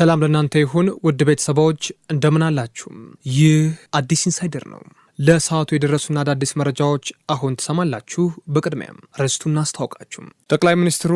ሰላም ለእናንተ ይሁን ውድ ቤተሰባዎች እንደምን አላችሁም? ይህ አዲስ ኢንሳይደር ነው። ለሰዓቱ የደረሱና አዳዲስ መረጃዎች አሁን ትሰማላችሁ። በቅድሚያም ርዕስቱን እናስታውቃችሁ። ጠቅላይ ሚኒስትሩ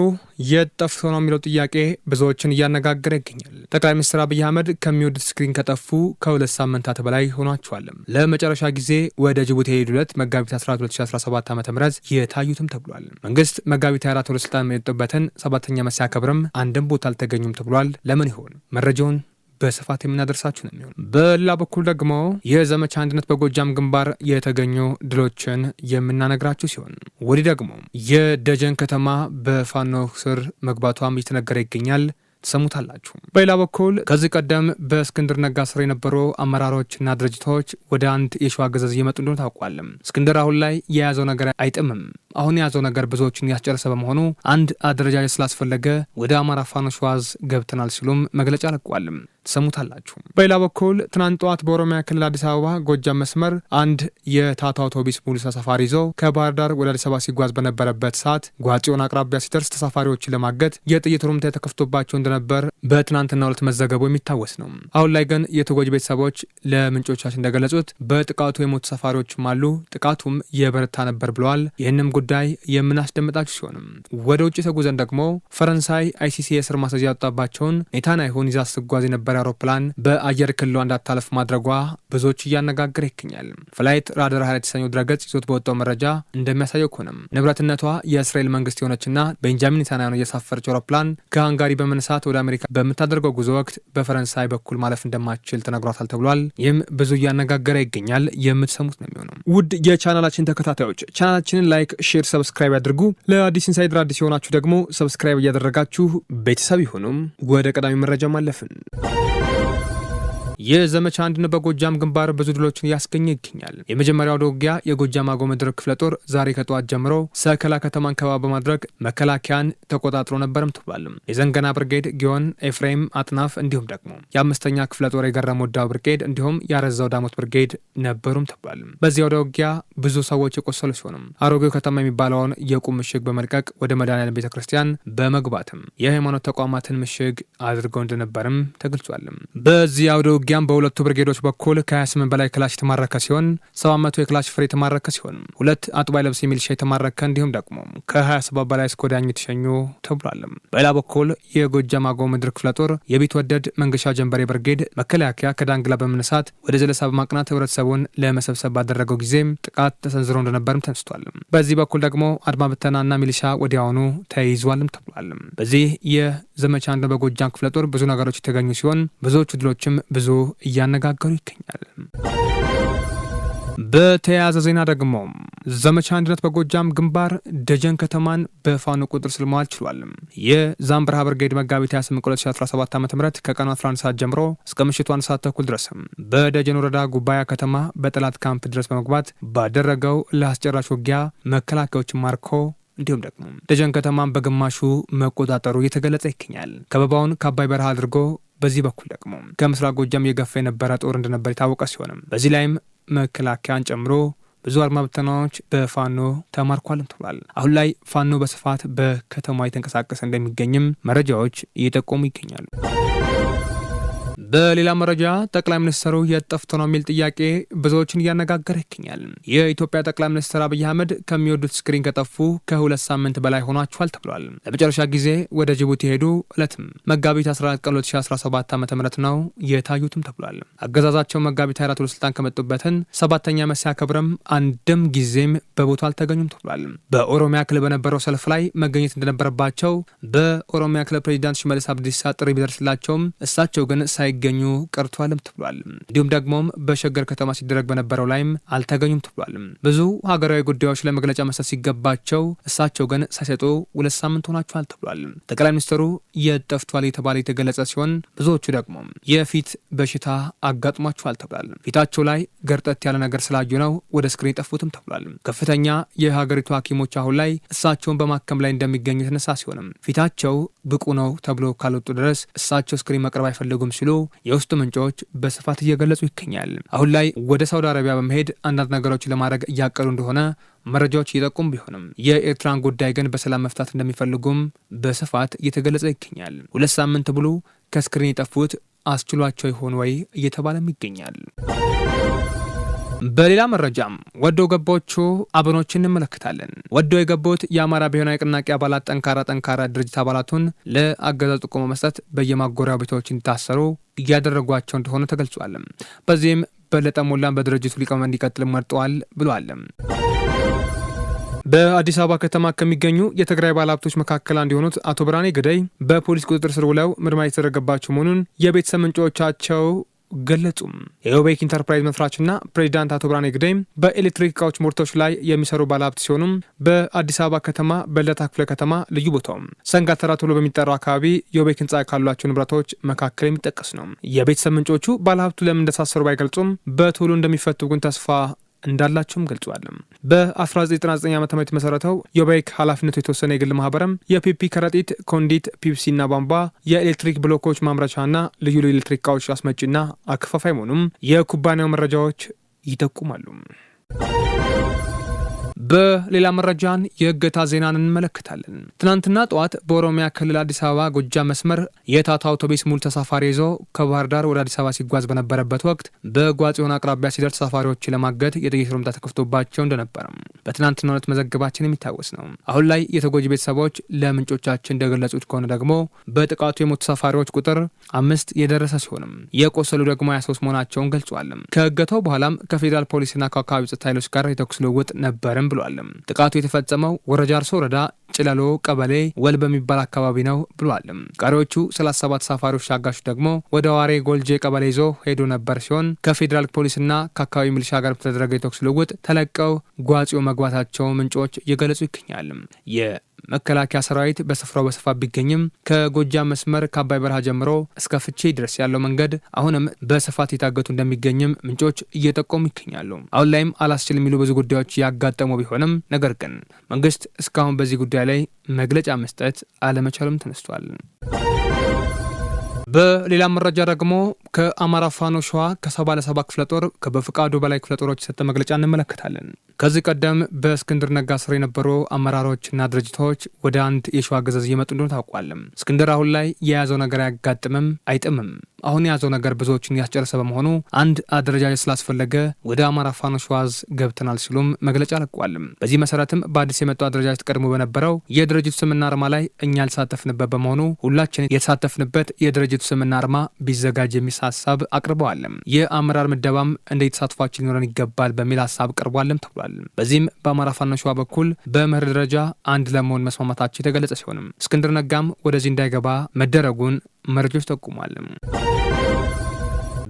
የት ጠፍቶ ነው የሚለው ጥያቄ ብዙዎችን እያነጋገረ ይገኛል። ጠቅላይ ሚኒስትር አብይ አህመድ ከሚወዱት ስክሪን ከጠፉ ከሁለት ሳምንታት በላይ ሆኗቸዋል። ለመጨረሻ ጊዜ ወደ ጅቡቲ የሄዱለት መጋቢት 14 2017 ዓ ም የታዩትም ተብሏል። መንግስት መጋቢት 24 ወደ ስልጣን የመጡበትን ሰባተኛ ዓመት ክብርም አንድም ቦታ አልተገኙም ተብሏል። ለምን ይሆን መረጃውን በስፋት የምናደርሳችሁ ነው የሚሆኑ። በሌላ በኩል ደግሞ የዘመቻ አንድነት በጎጃም ግንባር የተገኙ ድሎችን የምናነግራችሁ ሲሆን ወዲህ ደግሞ የደጀን ከተማ በፋኖ ስር መግባቷም እየተነገረ ይገኛል። ትሰሙታላችሁ። በሌላ በኩል ከዚህ ቀደም በእስክንድር ነጋ ስር የነበሩ አመራሮችና ድርጅቶች ወደ አንድ የሸዋ ገዘዝ እየመጡ እንደሆነ ታውቋል። እስክንድር አሁን ላይ የያዘው ነገር አይጥምም። አሁን የያዘው ነገር ብዙዎችን ያስጨረሰ በመሆኑ አንድ አደረጃጀት ስላስፈለገ ወደ አማራ ፋኖ ሸዋዝ ገብተናል ሲሉም መግለጫ ለቋልም። ትሰሙታላችሁ። በሌላ በኩል ትናንት ጠዋት በኦሮሚያ ክልል አዲስ አበባ ጎጃም መስመር አንድ የታታ አውቶቢስ ሙሉ ተሳፋሪ ይዞ ከባህር ዳር ወደ አዲስ አበባ ሲጓዝ በነበረበት ሰዓት ጓጽዮን አቅራቢያ ሲደርስ ተሳፋሪዎችን ለማገት የጥይት ሩምታ የተከፍቶባቸው እንደነበር በትናንትና ሁለት መዘገቡ የሚታወስ ነው። አሁን ላይ ግን የተጎጂ ቤተሰቦች ለምንጮቻችን እንደገለጹት በጥቃቱ የሞቱ ተሳፋሪዎችም አሉ። ጥቃቱም የበረታ ነበር ብለዋል። ይህንም ጉዳይ የምናስደምጣችሁ ሲሆንም ወደ ውጭ ተጉዘን ደግሞ ፈረንሳይ አይሲሲ የስር ማስያዣ ያወጣባቸውን ኔታንያሁን ይዛ ስጓዝ የነበረ አውሮፕላን በአየር ክልሏ እንዳታለፍ ማድረጓ ብዙዎች እያነጋገረ ይገኛል። ፍላይት ራደር ሀያ የተሰኘው ድረገጽ ይዞት በወጣው መረጃ እንደሚያሳየው ከሆነም ንብረትነቷ የእስራኤል መንግስት የሆነችና ቤንጃሚን ኔታንያሁን እየሳፈረች አውሮፕላን ከሃንጋሪ በመነሳት ወደ አሜሪካ በምታደርገው ጉዞ ወቅት በፈረንሳይ በኩል ማለፍ እንደማትችል ተነግሯታል ተብሏል። ይህም ብዙ እያነጋገረ ይገኛል። የምትሰሙት ነው የሚሆነው። ውድ የቻናላችን ተከታታዮች ቻናላችንን ላይክ ሼር፣ ሰብስክራይብ ያድርጉ። ለአዲስ ኢንሳይድር አዲስ የሆናችሁ ደግሞ ሰብስክራይብ እያደረጋችሁ ቤተሰብ ይሁኑም። ወደ ቀዳሚ መረጃ ማለፍን ይህ ዘመቻ አንድነት በጎጃም ግንባር ብዙ ድሎችን እያስገኘ ይገኛል። የመጀመሪያው ውጊያ የጎጃም አገው ምድር ክፍለ ጦር ዛሬ ከጠዋት ጀምሮ ሰከላ ከተማን ከባ በማድረግ መከላከያን ተቆጣጥሮ ነበርም ተብሏል። የዘንገና ብርጌድ፣ ጊዮን፣ ኤፍሬም አጥናፍ እንዲሁም ደግሞ የአምስተኛ ክፍለ ጦር የገረመው ወዳው ብርጌድ እንዲሁም ያረዛው ዳሞት ብርጌድ ነበሩም ተብሏል። በዚያው ውጊያ ብዙ ሰዎች የቆሰሉ ሲሆንም አሮጌው ከተማ የሚባለውን የቁም ምሽግ በመልቀቅ ወደ መድኃኔዓለም ቤተ ክርስቲያን በመግባትም የሃይማኖት ተቋማትን ምሽግ አድርገው እንደነበርም ተገልጿል። በዚያው ውጊያም በሁለቱ ብርጌዶች በኩል ከ28 በላይ ክላሽ የተማረከ ሲሆን 700 የክላሽ ፍሬ የተማረከ ሲሆን ሁለት አጥባይ ለብስ የሚልሻ የተማረከ እንዲሁም ደግሞ ከ27 በላይ እስከወዲያኙ የተሸኙ ተብሏል። በሌላ በኩል የጎጃም አገው ምድር ክፍለ ጦር የቢት ወደድ መንገሻ ጀንበሬ ብርጌድ መከላከያ ከዳንግላ በመነሳት ወደ ዘለሳ በማቅናት ህብረተሰቡን ለመሰብሰብ ባደረገው ጊዜም ጥቃት ተሰንዝሮ እንደነበርም ተነስቷል። በዚህ በኩል ደግሞ አድማ ብተናና ሚሊሻ ወዲያውኑ ተይዟልም ተብሏል። በዚህ የዘመቻ አንድ በጎጃም ክፍለ ጦር ብዙ ነገሮች የተገኙ ሲሆን ብዙዎቹ ድሎችም ብዙ እያነጋገሩ ይገኛል። በተያያዘ ዜና ደግሞ ዘመቻ አንድነት በጎጃም ግንባር ደጀን ከተማን በፋኖ ቁጥር ስር መዋል ችሏል። የዛምብራ ብርጌድ መጋቢት 28 2017 ዓ ም ከቀኑ 11 ሰዓት ጀምሮ እስከ ምሽቱ አንድ ሰዓት ተኩል ድረስ በደጀን ወረዳ ጉባያ ከተማ በጠላት ካምፕ ድረስ በመግባት ባደረገው ለአስጨራሽ ውጊያ መከላከያዎችን ማርኮ እንዲሁም ደግሞ ደጀን ከተማን በግማሹ መቆጣጠሩ እየተገለጸ ይገኛል። ከበባውን ከአባይ በረሃ አድርጎ በዚህ በኩል ደግሞ ከምስራቅ ጎጃም እየገፋ የነበረ ጦር እንደነበር የታወቀ ሲሆንም በዚህ ላይም መከላከያን ጨምሮ ብዙ አድማ ብተናዎች በፋኖ ተማርኳልም ተብሏል። አሁን ላይ ፋኖ በስፋት በከተማ የተንቀሳቀሰ እንደሚገኝም መረጃዎች እየጠቆሙ ይገኛሉ። በሌላ መረጃ ጠቅላይ ሚኒስትሩ የት ጠፍቶ ነው የሚል ጥያቄ ብዙዎችን እያነጋገረ ይገኛል። የኢትዮጵያ ጠቅላይ ሚኒስትር አብይ አህመድ ከሚወዱት ስክሪን ከጠፉ ከሁለት ሳምንት በላይ ሆኗቸዋል ተብሏል። ለመጨረሻ ጊዜ ወደ ጅቡቲ ሄዱ እለትም መጋቢት 14 ቀን 2017 ዓ ም ነው የታዩትም ተብሏል። አገዛዛቸው መጋቢት 24 ወደ ስልጣን ከመጡበትን ሰባተኛ ዓመት ሲያከብርም አንድም ጊዜም በቦታ አልተገኙም ተብሏል። በኦሮሚያ ክልል በነበረው ሰልፍ ላይ መገኘት እንደነበረባቸው በኦሮሚያ ክልል ፕሬዚዳንት ሽመልስ አብዲሳ ጥሪ ቢደርስላቸውም እሳቸው ግን ሳይገ ሳይገኙ ቀርቷልም ተብሏል። እንዲሁም ደግሞም በሸገር ከተማ ሲደረግ በነበረው ላይም አልተገኙም ተብሏል። ብዙ ሀገራዊ ጉዳዮች ለመግለጫ መግለጫ መስጠት ሲገባቸው እሳቸው ግን ሳይሰጡ ሁለት ሳምንት ሆናቸዋል ተብሏል። ጠቅላይ ሚኒስትሩ የጠፍቷል የተባለ የተገለጸ ሲሆን ብዙዎቹ ደግሞ የፊት በሽታ አጋጥሟቸዋል ተብሏል። ፊታቸው ላይ ገርጠት ያለ ነገር ስላዩ ነው ወደ ስክሪን ጠፉትም ተብሏል። ከፍተኛ የሀገሪቱ ሐኪሞች አሁን ላይ እሳቸውን በማከም ላይ እንደሚገኙ የተነሳ ሲሆንም ፊታቸው ብቁ ነው ተብሎ ካልወጡ ድረስ እሳቸው እስክሪን መቅረብ አይፈለጉም ሲሉ የውስጡ ምንጮች በስፋት እየገለጹ ይገኛል። አሁን ላይ ወደ ሳውዲ አረቢያ በመሄድ አንዳንድ ነገሮች ለማድረግ እያቀዱ እንደሆነ መረጃዎች እየጠቁም ቢሆንም የኤርትራን ጉዳይ ግን በሰላም መፍታት እንደሚፈልጉም በስፋት እየተገለጸ ይገኛል። ሁለት ሳምንት ብሎ ከስክሪን የጠፉት አስችሏቸው ይሆን ወይ እየተባለም ይገኛል። በሌላ መረጃም ወዶ ገባዎቹ አብኖች እንመለከታለን። ወዶ የገቡት የአማራ ብሔራዊ ንቅናቄ አባላት ጠንካራ ጠንካራ ድርጅት አባላቱን ለአገዛዝ ጥቆማ መስጠት በየማጎሪያ ቤቶች እንዲታሰሩ እያደረጓቸው እንደሆነ ተገልጿል። በዚህም በለጠ ሞላን በድርጅቱ ሊቀመንበር እንዲቀጥል መርጠዋል ብሏል። በአዲስ አበባ ከተማ ከሚገኙ የትግራይ ባለሀብቶች መካከል አንዱ የሆኑት አቶ ብርሃኔ ግደይ በፖሊስ ቁጥጥር ስር ውለው ምርመራ የተደረገባቸው መሆኑን የቤተሰብ ምንጮቻቸው ገለጹ። የኦቤክ ኢንተርፕራይዝ መስራችና ፕሬዚዳንት አቶ ብርሃኔ ግደይ በኤሌክትሪክ እቃዎች ምርቶች ላይ የሚሰሩ ባለሀብት ሲሆኑም በአዲስ አበባ ከተማ በለታ ክፍለ ከተማ ልዩ ቦታው ሰንጋተራ ተብሎ በሚጠራው አካባቢ የኦቤክ ህንፃ ካሏቸው ንብረቶች መካከል የሚጠቀስ ነው። የቤተሰብ ምንጮቹ ባለሀብቱ ለምን እንደታሰሩ ባይገልጹም በቶሎ እንደሚፈቱ ግን ተስፋ እንዳላቸውም ገልጿል። በ1999 ዓ ም የተመሰረተው የባይክ ኃላፊነቱ የተወሰነ የግል ማህበርም የፒፒ ከረጢት፣ ኮንዲት፣ ፒፕሲና ቧንቧ የኤሌክትሪክ ብሎኮች ማምረቻና ልዩ ልዩ ኤሌክትሪክ እቃዎች አስመጪና አከፋፋይ መሆኑም የኩባንያው መረጃዎች ይጠቁማሉ። በሌላ መረጃን የእገታ ዜናን እንመለከታለን። ትናንትና ጠዋት በኦሮሚያ ክልል አዲስ አበባ ጎጃም መስመር የታታ አውቶቡስ ሙሉ ተሳፋሪ ይዞ ከባህር ዳር ወደ አዲስ አበባ ሲጓዝ በነበረበት ወቅት በጓጽዮን አቅራቢያ ሲደርስ ተሳፋሪዎች ለማገድ የጥይት ሩምታ ተከፍቶባቸው እንደነበረም በትናንትናው ዕለት መዘገባችን የሚታወስ ነው። አሁን ላይ የተጎጂ ቤተሰቦች ለምንጮቻችን እንደገለጹት ከሆነ ደግሞ በጥቃቱ የሞቱ ሰፋሪዎች ቁጥር አምስት የደረሰ ሲሆንም የቆሰሉ ደግሞ 23 መሆናቸውን ገልጿል። ከእገተው በኋላም ከፌዴራል ፖሊስና ከአካባቢ ጸጥታ ኃይሎች ጋር የተኩስ ልውውጥ ነበርም ብሏል። ጥቃቱ የተፈጸመው ወረጃ አርሶ ወረዳ ጭለሎ ቀበሌ ወል በሚባል አካባቢ ነው ብሏል። ቀሪዎቹ 37 ተሳፋሪዎች ታጋሾች ደግሞ ወደ ዋሬ ጎልጄ ቀበሌ ይዞ ሄዶ ነበር ሲሆን ከፌዴራል ፖሊስና ከአካባቢ ሚሊሻ ጋር በተደረገ የተኩስ ልውውጥ ተለቀው ጓጽዮ ስለመግባታቸው ምንጮች እየገለጹ ይገኛል። የመከላከያ ሰራዊት በስፍራው በስፋት ቢገኝም ከጎጃም መስመር ከአባይ በረሃ ጀምሮ እስከ ፍቼ ድረስ ያለው መንገድ አሁንም በስፋት የታገቱ እንደሚገኝም ምንጮች እየጠቆሙ ይገኛሉ። አሁን ላይም አላስችል የሚሉ ብዙ ጉዳዮች ያጋጠሙ ቢሆንም ነገር ግን መንግስት እስካሁን በዚህ ጉዳይ ላይ መግለጫ መስጠት አለመቻሉም ተነስቷል። በሌላ መረጃ ደግሞ ከአማራ ፋኖ ሸዋ ከሰባ ለሰባ ክፍለ ጦር በፍቃዱ በላይ ክፍለ ጦሮች የሰጠ መግለጫ እንመለከታለን። ከዚህ ቀደም በእስክንድር ነጋ ስር የነበሩ አመራሮችና ድርጅቶች ወደ አንድ የሸዋ ገዘዝ እየመጡ እንደሆነ ታውቋል። እስክንድር አሁን ላይ የያዘው ነገር አያጋጥምም አይጥምም አሁን የያዘው ነገር ብዙዎችን ያስጨረሰ በመሆኑ አንድ አደረጃጀት ስላስፈለገ ወደ አማራ ፋኖ ሸዋዝ ገብተናል ሲሉም መግለጫ አለቋልም። በዚህ መሰረትም በአዲስ የመጡ አደረጃጀት ቀድሞ በነበረው የድርጅቱ ስምና አርማ ላይ እኛ ያልተሳተፍንበት በመሆኑ ሁላችን የተሳተፍንበት የድርጅቱ ስምና አርማ ቢዘጋጅ የሚል ሀሳብ አቅርበዋልም። የአመራር ምደባም እንደ የተሳትፏችን ሊኖረን ይገባል በሚል ሀሳብ ቀርቧልም ተብሏል። በዚህም በአማራ ፋኖ ሸዋ በኩል በምህር ደረጃ አንድ ለመሆን መስማማታቸው የተገለጸ ሲሆንም እስክንድር ነጋም ወደዚህ እንዳይገባ መደረጉን Μερικλούστα ο μου.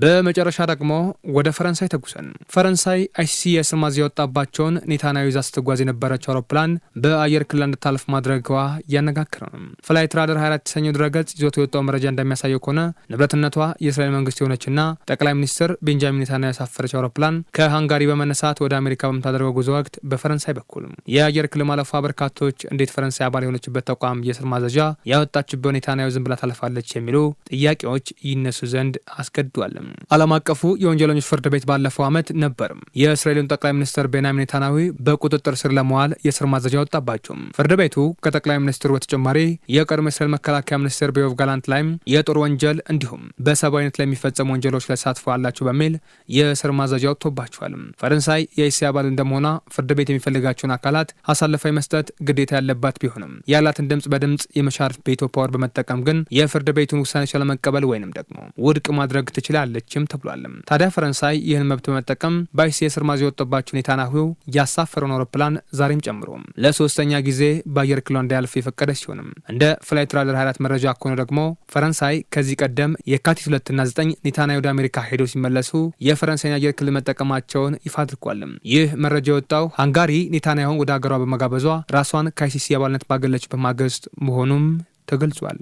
በመጨረሻ ደግሞ ወደ ፈረንሳይ ተጉሰን ፈረንሳይ አይሲሲ የእስር ማዘዣ የወጣባቸውን ኔታናዊ ይዛ ስትጓዝ የነበረችው አውሮፕላን በአየር ክልል እንድታልፍ ማድረጓ እያነጋገረ ነው። ፍላይት ራደር 24 የተሰኘው ድረገጽ ይዞት የወጣው መረጃ እንደሚያሳየው ከሆነ ንብረትነቷ የእስራኤል መንግስት የሆነችና ጠቅላይ ሚኒስትር ቤንጃሚን ኔታና ያሳፈረች አውሮፕላን ከሃንጋሪ በመነሳት ወደ አሜሪካ በምታደርገው ጉዞ ወቅት በፈረንሳይ በኩል የአየር ክልል ማለፏ በርካቶች እንዴት ፈረንሳይ አባል የሆነችበት ተቋም የስር ማዘዣ ያወጣችበት ኔታናዊ ዝም ብላ ታልፋለች የሚሉ ጥያቄዎች ይነሱ ዘንድ አስገድዷል። ዓለም አቀፉ የወንጀለኞች ፍርድ ቤት ባለፈው ዓመት ነበርም የእስራኤልን ጠቅላይ ሚኒስትር ቤንያሚን ታናዊ በቁጥጥር ስር ለመዋል የስር ማዘዣ ወጣባቸው። ፍርድ ቤቱ ከጠቅላይ ሚኒስትሩ በተጨማሪ የቀድሞ የእስራኤል መከላከያ ሚኒስትር ዮአቭ ጋላንት ላይም የጦር ወንጀል እንዲሁም በሰብአዊነት ላይ የሚፈጸሙ ወንጀሎች ላይ ተሳትፎ አላቸው በሚል የእስር ማዘዣ ወጥቶባቸዋል። ፈረንሳይ የኢሲ አባል እንደመሆኗ ፍርድ ቤት የሚፈልጋቸውን አካላት አሳልፋ መስጠት ግዴታ ያለባት ቢሆንም ያላትን ድምፅ በድምጽ የመሻር ቤቶ ፓወር በመጠቀም ግን የፍርድ ቤቱን ውሳኔ ለመቀበል ወይንም ደግሞ ውድቅ ማድረግ ትችላል ትችላለችም ተብሏልም። ታዲያ ፈረንሳይ ይህን መብት በመጠቀም በአይሲ ስር ማዝ የወጣባቸውን ኔታንያሁ ያሳፈረውን አውሮፕላን ዛሬም ጨምሮ ለሶስተኛ ጊዜ በአየር ክልሏ እንዳያልፍ የፈቀደ ሲሆንም እንደ ፍላይት ራዳር 24 መረጃ ከሆነ ደግሞ ፈረንሳይ ከዚህ ቀደም የካቲት ሁለትና ዘጠኝ ኔታንያሁ ወደ አሜሪካ ሄደው ሲመለሱ የፈረንሳይን አየር ክልል መጠቀማቸውን ይፋ አድርጓልም። ይህ መረጃ የወጣው ሃንጋሪ ኔታንያሁን ወደ ሀገሯ በመጋበዟ ራሷን ከአይሲሲ አባልነት ባገለች በማግስት መሆኑም ተገልጿል።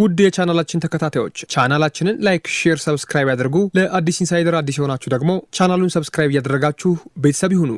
ውድ የቻናላችን ተከታታዮች ቻናላችንን ላይክ፣ ሼር፣ ሰብስክራይብ ያድርጉ። ለአዲስ ኢንሳይደር አዲስ የሆናችሁ ደግሞ ቻናሉን ሰብስክራይብ እያደረጋችሁ ቤተሰብ ይሁኑ።